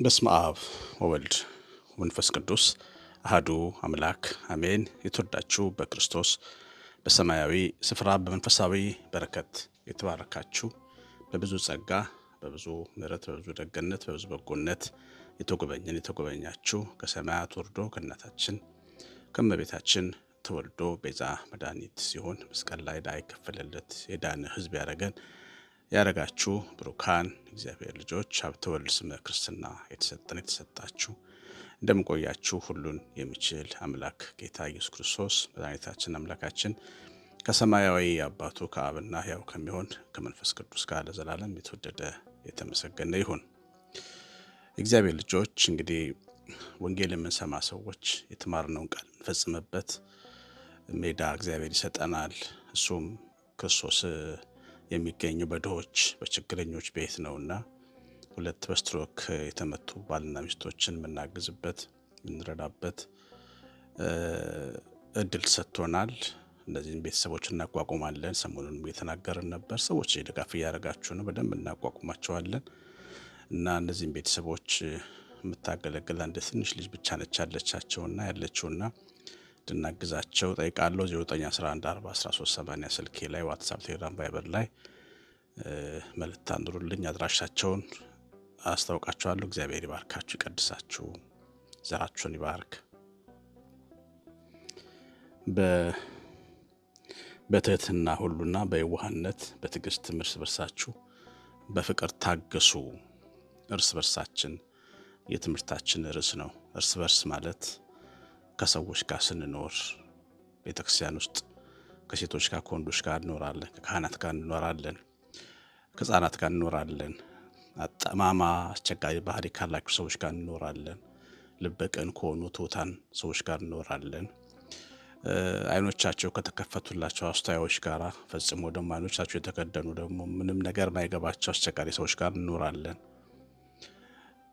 በስመ አብ ወወልድ ወመንፈስ ቅዱስ አህዱ አምላክ አሜን። የተወዳችሁ በክርስቶስ በሰማያዊ ስፍራ በመንፈሳዊ በረከት የተባረካችሁ በብዙ ጸጋ በብዙ ምሕረት በብዙ ደግነት በብዙ በጎነት የተጎበኘን የተጎበኛችሁ ከሰማያት ወርዶ ከእናታችን ከመቤታችን ተወልዶ ቤዛ መድኃኒት ሲሆን መስቀል ላይ ዕዳ የከፈለለት የዳነ ሕዝብ ያደረገን ያደረጋችሁ ብሩካን እግዚአብሔር ልጆች ሀብተ ወልድ ስመ ክርስትና የተሰጠን የተሰጣችሁ እንደምቆያችሁ ሁሉን የሚችል አምላክ ጌታ ኢየሱስ ክርስቶስ መድኃኒታችን አምላካችን ከሰማያዊ አባቱ ከአብና ያው ከሚሆን ከመንፈስ ቅዱስ ጋር ለዘላለም የተወደደ የተመሰገነ ይሁን። እግዚአብሔር ልጆች እንግዲህ ወንጌል የምንሰማ ሰዎች የተማርነውን ቃል እንፈጽምበት ሜዳ እግዚአብሔር ይሰጠናል። እሱም ክርስቶስ የሚገኙ በድሆች በችግረኞች ቤት ነውና ሁለት በስትሮክ የተመቱ ባልና ሚስቶችን የምናግዝበት የምንረዳበት እድል ሰጥቶናል። እንደዚህም ቤተሰቦች እናቋቁማለን። ሰሞኑን እየተናገርን ነበር። ሰዎች ድጋፍ እያደረጋችሁ ነው። በደንብ እናቋቁማቸዋለን እና እነዚህም ቤተሰቦች የምታገለግል አንድ ትንሽ ልጅ ብቻ ነች ያለቻቸውና ያለችውና እንድናግዛቸው ጠይቃለሁ። 09114138 ስልኬ ላይ ዋትሳፕ፣ ቴሌግራም፣ ቫይበር ላይ መልእክት አንድሩልኝ። አድራሻቸውን አስታውቃችኋለሁ። እግዚአብሔር ይባርካችሁ፣ ይቀድሳችሁ፣ ዘራችሁን ይባርክ። በትህትና ሁሉና በየዋህነት በትዕግስትም እርስ በርሳችሁ በፍቅር ታገሱ። እርስ በርሳችን የትምህርታችን ርዕስ ነው። እርስ በርስ ማለት ከሰዎች ጋር ስንኖር ቤተክርስቲያን ውስጥ ከሴቶች ጋር ከወንዶች ጋር እንኖራለን፣ ከካህናት ጋር እንኖራለን፣ ከህፃናት ጋር እንኖራለን፣ አጠማማ አስቸጋሪ ባህሪ ካላቸው ሰዎች ጋር እንኖራለን፣ ልበቀን ከሆኑ ትሑታን ሰዎች ጋር እንኖራለን። አይኖቻቸው ከተከፈቱላቸው አስተያዎች ጋር ፈጽሞ ደግሞ አይኖቻቸው የተከደኑ ደግሞ ምንም ነገር ማይገባቸው አስቸጋሪ ሰዎች ጋር እንኖራለን።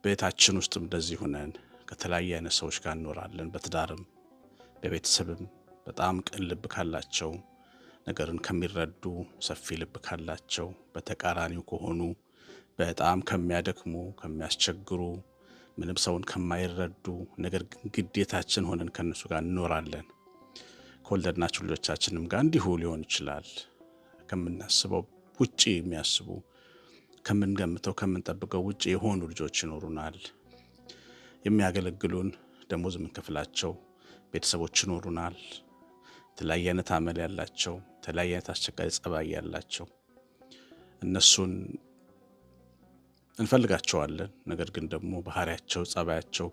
ቤታችን ውስጥም እንደዚህ ሁነን ከተለያየ አይነት ሰዎች ጋር እንኖራለን። በትዳርም በቤተሰብም በጣም ቅን ልብ ካላቸው፣ ነገርን ከሚረዱ፣ ሰፊ ልብ ካላቸው፣ በተቃራኒው ከሆኑ በጣም ከሚያደክሙ፣ ከሚያስቸግሩ፣ ምንም ሰውን ከማይረዱ ነገር ግን ግዴታችን ሆነን ከእነሱ ጋር እንኖራለን። ከወለድናቸው ልጆቻችንም ጋር እንዲሁ ሊሆን ይችላል። ከምናስበው ውጭ የሚያስቡ ከምንገምተው ከምንጠብቀው ውጭ የሆኑ ልጆች ይኖሩናል። የሚያገለግሉን ደሞዝ የምንከፍላቸው ቤተሰቦች ይኖሩናል። የተለያየ አይነት አመል ያላቸው፣ የተለያየ አይነት አስቸጋሪ ጸባይ ያላቸው እነሱን እንፈልጋቸዋለን። ነገር ግን ደግሞ ባህሪያቸው፣ ጸባያቸው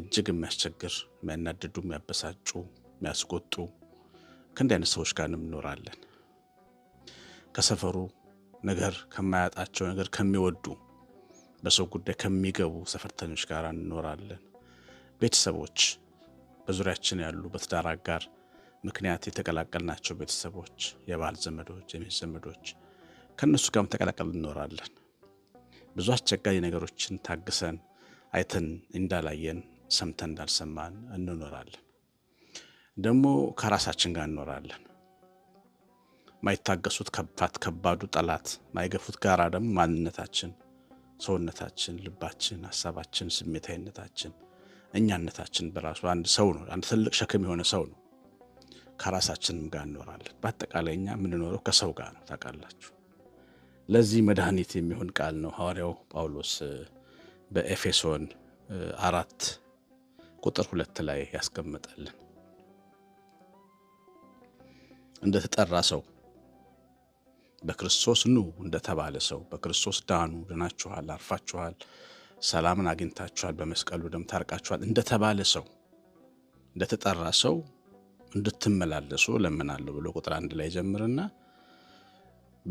እጅግ የሚያስቸግር፣ የሚያናድዱ፣ የሚያበሳጩ የሚያስቆጡ ከእንዲህ አይነት ሰዎች ጋር እንኖራለን። ከሰፈሩ ነገር ከማያጣቸው ነገር ከሚወዱ በሰው ጉዳይ ከሚገቡ ሰፈርተኞች ጋር እንኖራለን። ቤተሰቦች በዙሪያችን ያሉ በትዳር አጋር ምክንያት የተቀላቀልናቸው ቤተሰቦች፣ የባህል ዘመዶች፣ የሚስት ዘመዶች ከእነሱ ጋርም ተቀላቀል እንኖራለን። ብዙ አስቸጋሪ ነገሮችን ታግሰን አይተን እንዳላየን ሰምተን እንዳልሰማን እንኖራለን። ደግሞ ከራሳችን ጋር እንኖራለን። ማይታገሱት ከባት ከባዱ ጠላት ማይገፉት ጋራ ደግሞ ማንነታችን፣ ሰውነታችን፣ ልባችን፣ ሀሳባችን፣ ስሜታዊነታችን፣ እኛነታችን በራሱ አንድ ሰው ነው። አንድ ትልቅ ሸክም የሆነ ሰው ነው። ከራሳችንም ጋር እንኖራለን። በአጠቃላይ እኛ የምንኖረው ከሰው ጋር ነው። ታውቃላችሁ። ለዚህ መድኃኒት የሚሆን ቃል ነው ሐዋርያው ጳውሎስ በኤፌሶን አራት ቁጥር ሁለት ላይ ያስቀመጠልን። እንደተጠራ ሰው በክርስቶስ ኑ እንደተባለ ሰው በክርስቶስ ዳኑ፣ ድናችኋል፣ አርፋችኋል፣ ሰላምን አግኝታችኋል፣ በመስቀሉ ደም ታርቃችኋል እንደተባለ ሰው እንደተጠራ ሰው እንድትመላለሱ እለምናለሁ ብሎ ቁጥር አንድ ላይ ጀምርና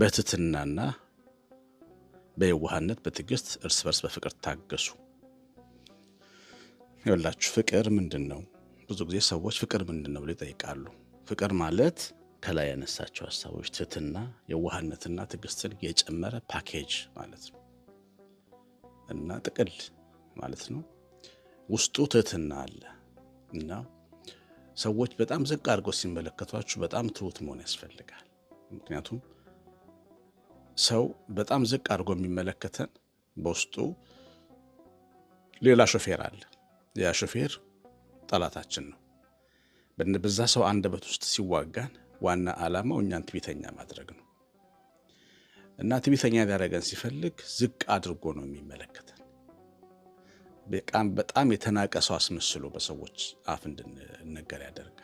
በትትናና በየዋህነት በትዕግስት እርስ በርስ በፍቅር ታገሱ። ይወላችሁ ፍቅር ምንድን ነው? ብዙ ጊዜ ሰዎች ፍቅር ምንድን ነው ብሎ ይጠይቃሉ። ፍቅር ማለት ከላይ ያነሳቸው ሀሳቦች ትህትና፣ የዋህነትና ትዕግስትን የጨመረ ፓኬጅ ማለት ነው እና ጥቅል ማለት ነው። ውስጡ ትህትና አለ እና ሰዎች በጣም ዝቅ አድርገው ሲመለከቷችሁ በጣም ትሁት መሆን ያስፈልጋል። ምክንያቱም ሰው በጣም ዝቅ አድርጎ የሚመለከተን በውስጡ ሌላ ሾፌር አለ። ያ ሾፌር ጠላታችን ነው። በዛ ሰው አንደበት ውስጥ ሲዋጋን ዋና ዓላማው እኛን ትዕቢተኛ ማድረግ ነው እና ትዕቢተኛ ሊያደርገን ሲፈልግ ዝቅ አድርጎ ነው የሚመለከተን። በጣም የተናቀ ሰው አስመስሎ በሰዎች አፍ እንድንነገር ያደርጋል።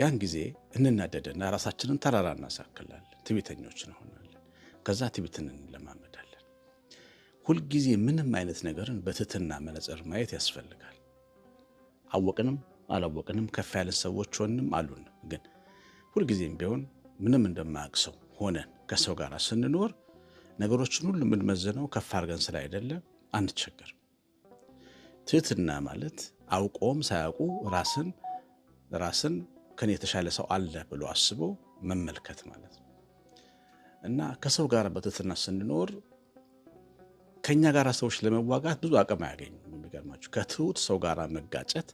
ያን ጊዜ እንናደድና ራሳችንን ተራራ እናሳክላለን፣ ትዕቢተኞች እንሆናለን። ከዛ ትዕቢትን እንለማመዳለን። ሁልጊዜ ምንም አይነት ነገርን በትህትና መነጽር ማየት ያስፈልጋል። አወቅንም አላወቅንም ከፍ ያለን ሰዎች ሆንም አሉን ግን ሁልጊዜም ቢሆን ምንም እንደማያውቅ ሰው ሆነን ከሰው ጋር ስንኖር ነገሮችን ሁሉ የምንመዝነው ከፍ አድርገን ስለ አይደለ አንቸገር። ትህትና ማለት አውቆም ሳያውቁ ራስን ራስን ከኔ የተሻለ ሰው አለ ብሎ አስቦ መመልከት ማለት ነው እና ከሰው ጋር በትህትና ስንኖር ከኛ ጋር ሰዎች ለመዋጋት ብዙ አቅም አያገኙም። የሚገርማችሁ ከትሁት ሰው ጋር መጋጨት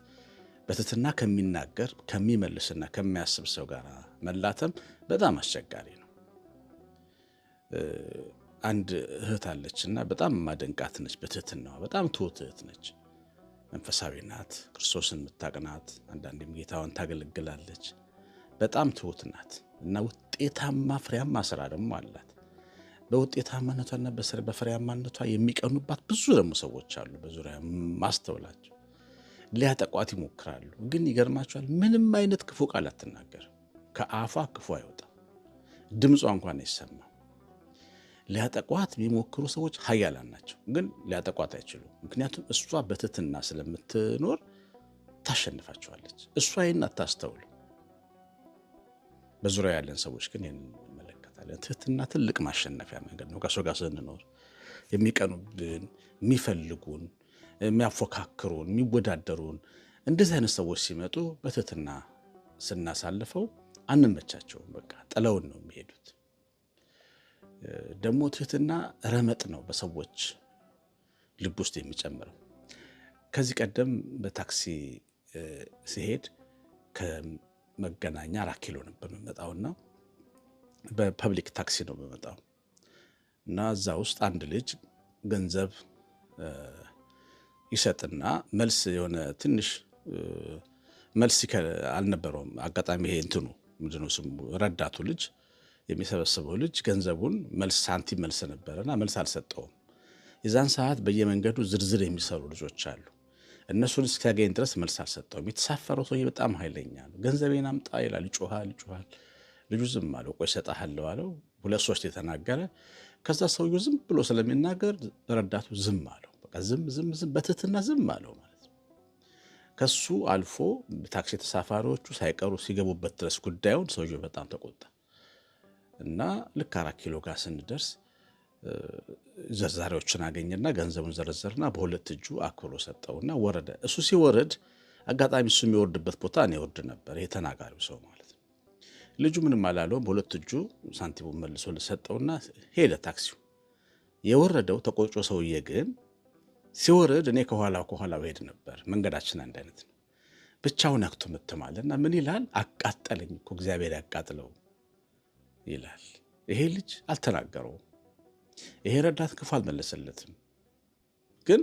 በትህትና ከሚናገር ከሚመልስና ከሚያስብ ሰው ጋር መላተም በጣም አስቸጋሪ ነው። አንድ እህት አለች እና በጣም ማደንቃት ነች። በትህትናዋ በጣም ትሁት እህት ነች። መንፈሳዊ ናት። ክርስቶስን የምታቅናት አንዳንዴም ጌታዋን ታገለግላለች። በጣም ትሁት ናት እና ውጤታማ ፍሬያማ ስራ ደግሞ አላት። በውጤታማነቷና በፍሬያማነቷ የሚቀኑባት ብዙ ደግሞ ሰዎች አሉ። በዙሪያ ማስተውላቸው ሊያጠቋት ይሞክራሉ፣ ግን ይገርማቸዋል። ምንም አይነት ክፉ ቃል አትናገርም። ከአፏ ክፉ አይወጣም፣ ድምጿ እንኳን አይሰማም። ሊያጠቋት የሚሞክሩ ሰዎች ሀያላን ናቸው፣ ግን ሊያጠቋት አይችሉም። ምክንያቱም እሷ በትትና ስለምትኖር ታሸንፋቸዋለች። እሷ ይህን አታስተውሉ። በዙሪያ ያለን ሰዎች ግን ይህን እንመለከታለን። ትህትና ትልቅ ማሸነፊያ መንገድ ነው። ከሰው ጋር ስንኖር የሚቀኑብን፣ የሚፈልጉን፣ የሚያፎካክሩን፣ የሚወዳደሩን እንደዚህ አይነት ሰዎች ሲመጡ በትህትና ስናሳልፈው አንመቻቸውም። በቃ ጥለውን ነው የሚሄዱት። ደግሞ ትህትና ረመጥ ነው በሰዎች ልብ ውስጥ የሚጨምረው። ከዚህ ቀደም በታክሲ ሲሄድ ከመገናኛ አራት ኪሎ ነበር የምመጣውና በፐብሊክ ታክሲ ነው የምመጣው እና እዛ ውስጥ አንድ ልጅ ገንዘብ ይሰጥና መልስ የሆነ ትንሽ መልስ አልነበረውም። አጋጣሚ ይሄ እንትኑ ምንድነው ስሙ ረዳቱ ልጅ የሚሰበስበው ልጅ ገንዘቡን መልስ ሳንቲም መልስ ነበረና መልስ አልሰጠውም። የዛን ሰዓት በየመንገዱ ዝርዝር የሚሰሩ ልጆች አሉ። እነሱን እስኪያገኝ ድረስ መልስ አልሰጠውም። የተሳፈረው ሰውዬ በጣም ኃይለኛ ነው። ገንዘቤን አምጣ ይላል፣ ይጮሃል፣ ይጮሃል። ልጁ ዝም አለው። ቆይ እሰጥሃለሁ አለው። ሁለት ሶስት የተናገረ ከዛ ሰውዬው ዝም ብሎ ስለሚናገር ረዳቱ ዝም አለው። በቃ ዝም ዝም ዝም በትህትና ዝም አለው። ከሱ አልፎ ታክሲ ተሳፋሪዎቹ ሳይቀሩ ሲገቡበት ድረስ ጉዳዩን ሰውየው በጣም ተቆጣ እና ልክ አራት ኪሎ ጋር ስንደርስ ዘርዛሪዎችን አገኘና ገንዘቡን ዘረዘርና በሁለት እጁ አክብሎ ሰጠውና ወረደ። እሱ ሲወርድ አጋጣሚ እሱ የሚወርድበት ቦታ እኔ ወርድ ነበር። ይሄ ተናጋሪው ሰው ማለት ነው። ልጁ ምንም አላለውም። በሁለት እጁ ሳንቲሙን መልሶ ልሰጠውና ሄደ ታክሲው። የወረደው ተቆጮ ሰውዬ ግን ሲወርድ እኔ ከኋላ ከኋላ ሄድ ነበር። መንገዳችን አንድ አይነት ነው። ብቻውን አክቶ ምትማለ እና ምን ይላል? አቃጠለኝ እኮ እግዚአብሔር ያቃጥለው ይላል። ይሄ ልጅ አልተናገረውም። ይሄ ረዳት ክፉ አልመለሰለትም፣ ግን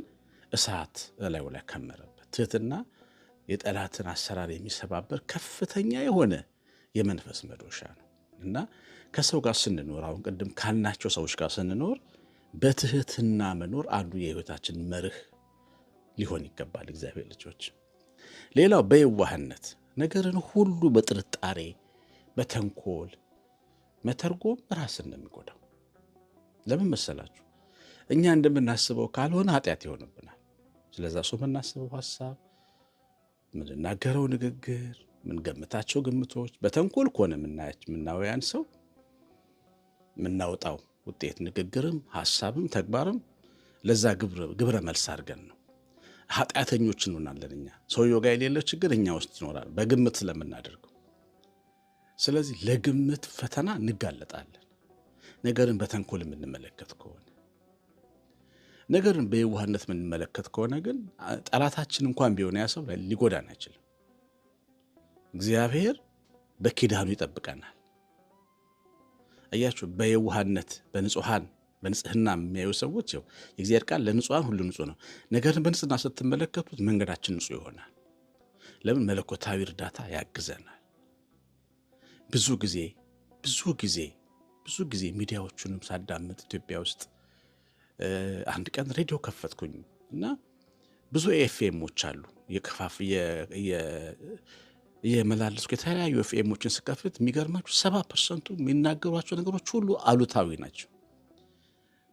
እሳት እላዩ ላይ ከመረበት። ትህትና የጠላትን አሰራር የሚሰባበር ከፍተኛ የሆነ የመንፈስ መዶሻ ነው እና ከሰው ጋር ስንኖር አሁን ቅድም ካልናቸው ሰዎች ጋር ስንኖር በትህትና መኖር አንዱ የህይወታችን መርህ ሊሆን ይገባል። እግዚአብሔር ልጆች፣ ሌላው በየዋህነት ነገርን ሁሉ በጥርጣሬ በተንኮል መተርጎም ራስን ነው የሚጎዳው። ለምን መሰላችሁ? እኛ እንደምናስበው ካልሆነ ኃጢአት ይሆንብናል። ስለዛ ሰው የምናስበው ሀሳብ፣ የምንናገረው ንግግር፣ የምንገምታቸው ግምቶች በተንኮል ከሆነ የምናወያን ሰው የምናወጣው ውጤት ንግግርም ሀሳብም ተግባርም ለዛ ግብረ መልስ አድርገን ነው። ኃጢአተኞች እንሆናለን። እኛ ሰውየው ጋር የሌለው ችግር እኛ ውስጥ ይኖራል፣ በግምት ስለምናደርገው። ስለዚህ ለግምት ፈተና እንጋለጣለን። ነገርን በተንኮል የምንመለከት ከሆነ ነገርን በየዋህነት የምንመለከት ከሆነ ግን ጠላታችን እንኳን ቢሆን ያሰው ሊጎዳን አይችልም። እግዚአብሔር በኪዳኑ ይጠብቀናል። አያችሁ፣ በየውሃነት በንጹሐን በንጽህና የሚያዩ ሰዎች ው የእግዚአብሔር ቃል ለንጹሐን ሁሉ ንጹህ ነው። ነገርን በንጽህና ስትመለከቱት መንገዳችን ንጹህ ይሆናል። ለምን? መለኮታዊ እርዳታ ያግዘናል። ብዙ ጊዜ ብዙ ጊዜ ብዙ ጊዜ ሚዲያዎቹንም ሳዳምጥ ኢትዮጵያ ውስጥ አንድ ቀን ሬዲዮ ከፈትኩኝ እና ብዙ ኤፍኤሞች አሉ የመላለስኩ የተለያዩ ኤፍኤሞችን ስከፍት የሚገርማችሁ ሰባ ፐርሰንቱ የሚናገሯቸው ነገሮች ሁሉ አሉታዊ ናቸው።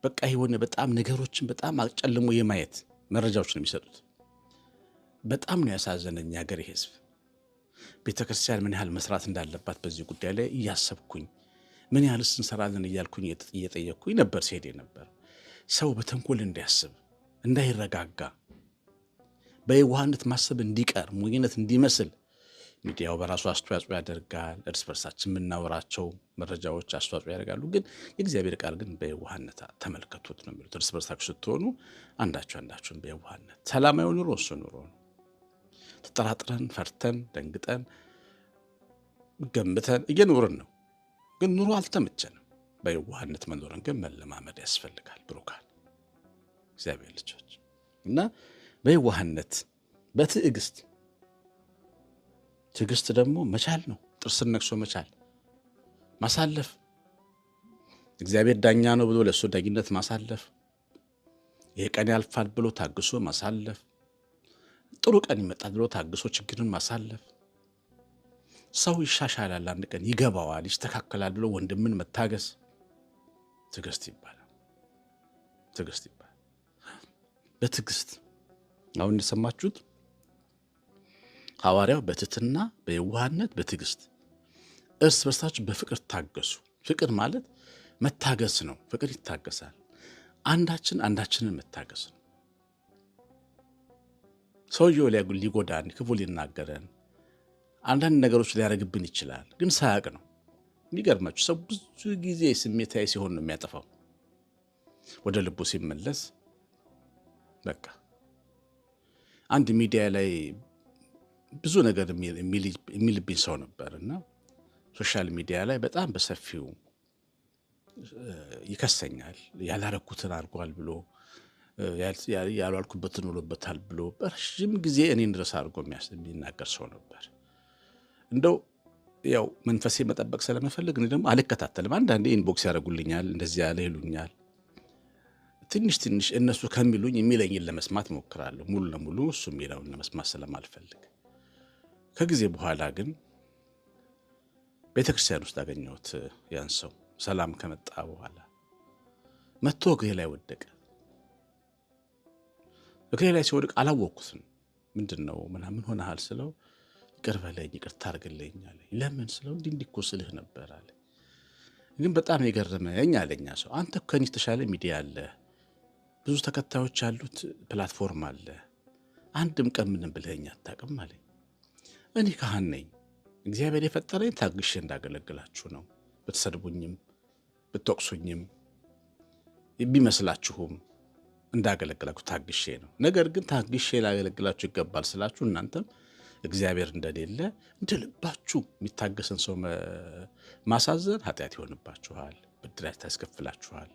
በቃ የሆነ በጣም ነገሮችን በጣም አጨልሞ የማየት መረጃዎች ነው የሚሰጡት። በጣም ነው ያሳዘነኝ የሀገሬ ህዝብ ቤተ ክርስቲያን ምን ያህል መስራት እንዳለባት በዚህ ጉዳይ ላይ እያሰብኩኝ ምን ያህልስ እንሰራለን እያልኩኝ እየጠየቅኩኝ ነበር ሲሄድ ነበር። ሰው በተንኮል እንዲያስብ እንዳይረጋጋ፣ በየዋህነት ማሰብ እንዲቀር ሞኝነት እንዲመስል ሚዲያው በራሱ አስተዋጽኦ ያደርጋል። እርስ በርሳችን የምናወራቸው መረጃዎች አስተዋጽኦ ያደርጋሉ። ግን የእግዚአብሔር ቃል ግን በየዋህነት ተመልከቱት ነው የሚሉት። እርስ በርሳችሁ ስትሆኑ አንዳችሁ አንዳችሁን በየዋህነት ሰላማዊ ኑሮ እሱ ኑሮ ነው። ተጠራጥረን፣ ፈርተን፣ ደንግጠን፣ ገምተን እየኖርን ነው። ግን ኑሮ አልተመቸንም። በየዋህነት መኖርን ግን መለማመድ ያስፈልጋል። ብሩካል እግዚአብሔር ልጆች እና በየዋህነት በትዕግስት ትዕግስት ደግሞ መቻል ነው። ጥርስን ነቅሶ መቻል ማሳለፍ፣ እግዚአብሔር ዳኛ ነው ብሎ ለእሱ ዳኝነት ማሳለፍ፣ ይህ ቀን ያልፋል ብሎ ታግሶ ማሳለፍ፣ ጥሩ ቀን ይመጣል ብሎ ታግሶ ችግርን ማሳለፍ። ሰው ይሻሻላል፣ አንድ ቀን ይገባዋል፣ ይስተካከላል ብሎ ወንድምን መታገስ ትዕግስት ይባላል። ትዕግስት ይባላል። በትዕግስት አሁን እንደሰማችሁት ሐዋርያው በትህትና በየዋህነት በትዕግስት እርስ በርሳችሁ በፍቅር ታገሱ። ፍቅር ማለት መታገስ ነው። ፍቅር ይታገሳል። አንዳችን አንዳችንን መታገስ ነው። ሰውየው ሊጎዳን፣ ክፉ ሊናገረን፣ አንዳንድ ነገሮች ሊያደርግብን ይችላል። ግን ሳያቅ ነው። የሚገርማችሁ ሰው ብዙ ጊዜ ስሜታዊ ሲሆን ነው የሚያጠፋው። ወደ ልቡ ሲመለስ በቃ አንድ ሚዲያ ላይ ብዙ ነገር የሚልብኝ ሰው ነበር እና ሶሻል ሚዲያ ላይ በጣም በሰፊው ይከሰኛል። ያላረኩትን አድርጓል ብሎ ያሏልኩበትን ውሎበታል ብሎ በረዥም ጊዜ እኔን ድረስ አድርጎ የሚናገር ሰው ነበር። እንደው ያው መንፈሴ መጠበቅ ስለመፈልግ እኔ ደግሞ አልከታተልም። አንዳንዴ ኢንቦክስ ያደርጉልኛል፣ እንደዚህ ያለ ይሉኛል። ትንሽ ትንሽ እነሱ ከሚሉኝ የሚለኝን ለመስማት እሞክራለሁ። ሙሉ ለሙሉ እሱ የሚለውን ለመስማት ስለማልፈልግ ከጊዜ በኋላ ግን ቤተክርስቲያን ውስጥ አገኘሁት። ያን ሰው ሰላም ከመጣ በኋላ መጥቶ እግሬ ላይ ወደቀ። እግሬ ላይ ሲወድቅ አላወቅኩትም። ምንድን ነው ምናምን ሆነሃል ስለው ይቅር በለኝ ይቅርታ አድርግልኝ አለ። ለምን ስለው እንዲህ እንዲህ እኮ ስልህ ነበር አለ። ግን በጣም የገረመኝ አለኛ ሰው አንተ ከእኔ የተሻለ ሚዲያ አለ፣ ብዙ ተከታዮች ያሉት ፕላትፎርም አለ፣ አንድም ቀን ምንም ብልኸኝ አታውቅም አለኝ። እኔ ካህን ነኝ። እግዚአብሔር የፈጠረኝ ታግሼ እንዳገለግላችሁ ነው። ብትሰድቡኝም ብትወቅሱኝም ቢመስላችሁም እንዳገለግላችሁ ታግሼ ነው። ነገር ግን ታግሼ ላገለግላችሁ ይገባል ስላችሁ እናንተም እግዚአብሔር እንደሌለ እንደ ልባችሁ የሚታገስን ሰው ማሳዘን ኃጢአት ይሆንባችኋል፣ ብድራት ያስከፍላችኋል፣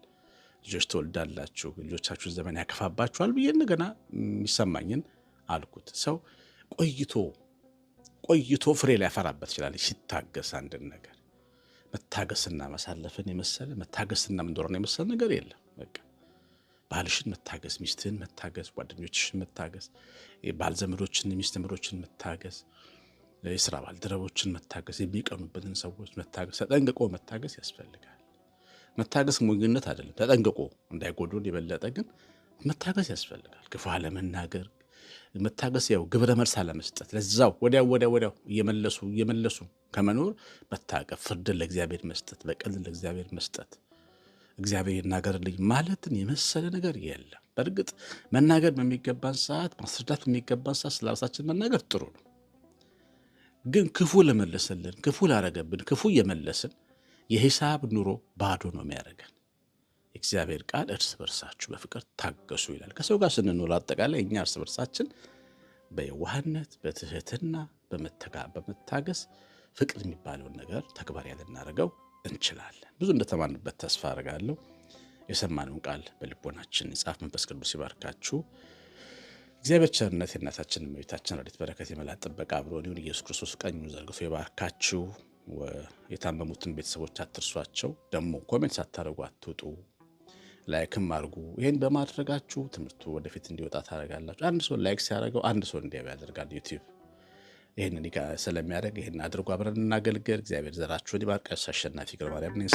ልጆች ትወልዳላችሁ፣ ልጆቻችሁን ዘመን ያከፋባችኋል ብዬ እንደገና የሚሰማኝን አልኩት። ሰው ቆይቶ ቆይቶ ፍሬ ሊያፈራበት ይችላል። ሲታገስ አንድን ነገር መታገስና ማሳለፍን የመሰለ መታገስና ምንድሮ የመሰለ ነገር የለም። በቃ ባልሽን መታገስ፣ ሚስትህን መታገስ፣ ጓደኞችሽን መታገስ፣ ባል ዘመዶችን ሚስት ዘመዶችን መታገስ፣ የስራ ባልደረቦችን መታገስ፣ የሚቀኑበትን ሰዎች መታገስ፣ ተጠንቅቆ መታገስ ያስፈልጋል። መታገስ ሞኝነት አይደለም። ተጠንቅቆ እንዳይጎዱን የበለጠ ግን መታገስ ያስፈልጋል። ክፉ አለመናገር መታገስ ያው ግብረ መልስ አለመስጠት፣ ለዛው ወዲያው ወዲያው ወዲያው እየመለሱ እየመለሱ ከመኖር መታቀፍ፣ ፍርድን ለእግዚአብሔር መስጠት፣ በቀልን ለእግዚአብሔር መስጠት፣ እግዚአብሔር ይናገርልኝ ማለትን የመሰለ ነገር የለም። በእርግጥ መናገር በሚገባን ሰዓት፣ ማስረዳት በሚገባን ሰዓት ስለ ራሳችን መናገር ጥሩ ነው። ግን ክፉ ለመለሰልን፣ ክፉ ላረገብን፣ ክፉ እየመለስን የሂሳብ ኑሮ ባዶ ነው የሚያደርገን። የእግዚአብሔር ቃል እርስ በርሳችሁ በፍቅር ታገሱ ይላል። ከሰው ጋር ስንኖር አጠቃላይ እኛ እርስ በርሳችን በየዋህነት በትህትና በመታገስ ፍቅር የሚባለውን ነገር ተግባራዊ ልናደርገው እንችላለን። ብዙ እንደተማንበት ተስፋ አርጋለሁ። የሰማነውን ቃል በልቦናችን የጻፍ መንፈስ ቅዱስ ይባርካችሁ። እግዚአብሔር ቸርነት የእናታችን እመቤታችን ረድኤት በረከት የመላእክት ጥበቃ አብሮን ይሁን። ኢየሱስ ክርስቶስ ቀኙ ዘርግፎ ይባርካችሁ። የታመሙትን ቤተሰቦች አትርሷቸው። ደግሞ ኮሜንት ሳታደርጉ አትውጡ። ላይክም አድርጉ። ይህን በማድረጋችሁ ትምህርቱ ወደፊት እንዲወጣ ታደርጋላችሁ። አንድ ሰው ላይክ ሲያደርገው አንድ ሰው እንዲያው ያደርጋል ዩቲዩብ ይህንን ስለሚያደርግ ይህን አድርጎ አብረን እናገልግል። እግዚአብሔር ዘራችሁን ይባርክ። አሸናፊ ግርማርያም ነኝ።